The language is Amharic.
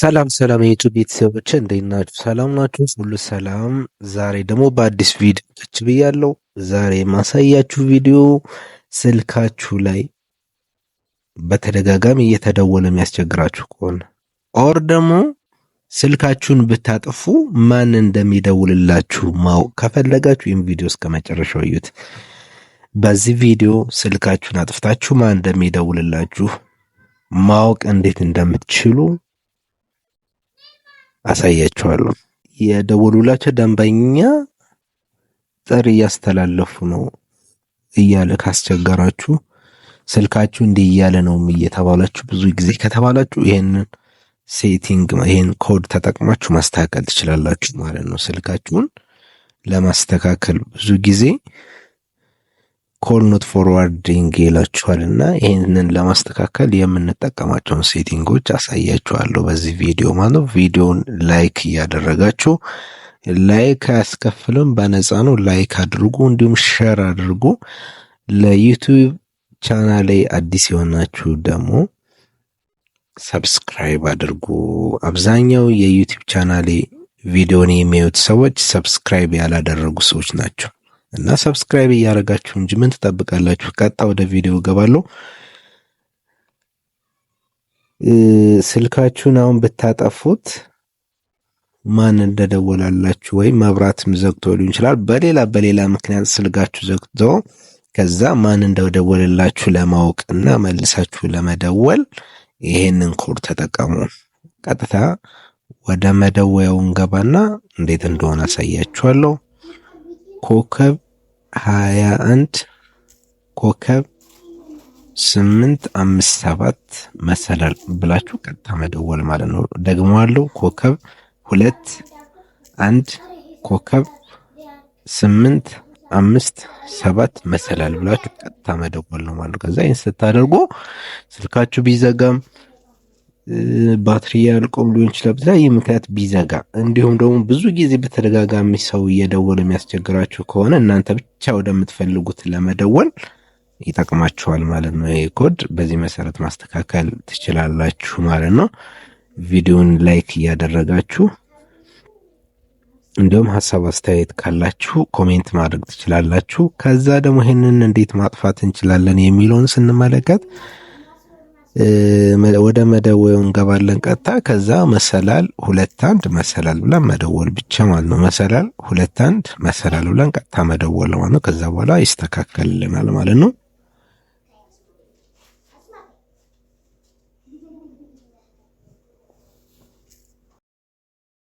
ሰላም ሰላም የዩቱብ ቤተሰቦች እንዴት ናችሁ? ሰላም ናችሁ? ሁሉ ሰላም። ዛሬ ደግሞ በአዲስ ቪዲዮ ተች ብያለሁ። ዛሬ የማሳያችሁ ቪዲዮ ስልካችሁ ላይ በተደጋጋሚ እየተደወለ የሚያስቸግራችሁ ከሆነ ኦር ደግሞ ስልካችሁን ብታጠፉ ማን እንደሚደውልላችሁ ማወቅ ከፈለጋችሁ ይህም ቪዲዮ እስከ መጨረሻው እዩት። በዚህ ቪዲዮ ስልካችሁን አጥፍታችሁ ማን እንደሚደውልላችሁ ማወቅ እንዴት እንደምትችሉ አሳያችኋለሁ። የደወሉላቸው ደንበኛ ጥሪ እያስተላለፉ ነው እያለ ካስቸገራችሁ ስልካችሁ እንዲህ እያለ ነው እየተባላችሁ ብዙ ጊዜ ከተባላችሁ ይሄንን ሴቲንግ ይሄን ኮድ ተጠቅማችሁ ማስተካከል ትችላላችሁ ማለት ነው። ስልካችሁን ለማስተካከል ብዙ ጊዜ ኮል ኖት ፎርዋርዲንግ ይላችኋል እና ይህንን ለማስተካከል የምንጠቀማቸውን ሴቲንጎች አሳያችኋለሁ በዚህ ቪዲዮ ማለት ነው። ቪዲዮን ላይክ እያደረጋችሁ ላይክ አያስከፍልም፣ በነፃ ነው። ላይክ አድርጉ፣ እንዲሁም ሼር አድርጉ። ለዩቲዩብ ቻናል ላይ አዲስ የሆናችሁ ደግሞ ሰብስክራይብ አድርጉ። አብዛኛው የዩቲዩብ ቻናሌ ቪዲዮን የሚያዩት ሰዎች ሰብስክራይብ ያላደረጉ ሰዎች ናቸው። እና ሰብስክራይብ እያደረጋችሁ እንጂ ምን ትጠብቃላችሁ? ቀጣ ወደ ቪዲዮ ገባለሁ። ስልካችሁን አሁን ብታጠፉት ማን እንደደወላላችሁ ወይም መብራትም ዘግቶ ሊሆን ይችላል። በሌላ በሌላ ምክንያት ስልካችሁ ዘግቶ ከዛ ማን እንደደወለላችሁ ለማወቅ እና መልሳችሁ ለመደወል ይሄንን ኮድ ተጠቀሙ። ቀጥታ ወደ መደወያው እንገባና እንዴት እንደሆነ አሳያችኋለሁ። ኮከብ ሀያ አንድ ኮከብ ስምንት አምስት ሰባት መሰላል ብላችሁ ቀጥታ መደወል ማለት ነው። ደግሞ አለው ኮከብ ሁለት አንድ ኮከብ ስምንት አምስት ሰባት መሰላል ብላችሁ ቀጥታ መደወል ነው ማለት ነው። ከዛ ይህን ስታደርጉ ስልካችሁ ቢዘጋም ባትሪ ያልቆም ሊሆን ይችላል። በተለያየ ምክንያት ቢዘጋ እንዲሁም ደግሞ ብዙ ጊዜ በተደጋጋሚ ሰው እየደወለ የሚያስቸግራችሁ ከሆነ እናንተ ብቻ ወደምትፈልጉት ለመደወል ይጠቅማችኋል ማለት ነው። ይህ ኮድ በዚህ መሰረት ማስተካከል ትችላላችሁ ማለት ነው። ቪዲዮን ላይክ እያደረጋችሁ እንዲሁም ሀሳብ አስተያየት ካላችሁ ኮሜንት ማድረግ ትችላላችሁ። ከዛ ደግሞ ይህንን እንዴት ማጥፋት እንችላለን የሚለውን ስንመለከት ወደ መደወዩ እንገባለን ቀጥታ። ከዛ መሰላል ሁለት አንድ መሰላል ብለን መደወል ብቻ ማለት ነው። መሰላል ሁለት አንድ መሰላል ብለን ቀጥታ መደወል ማለት ነው። ከዛ በኋላ ይስተካከልልናል ማለት ነው።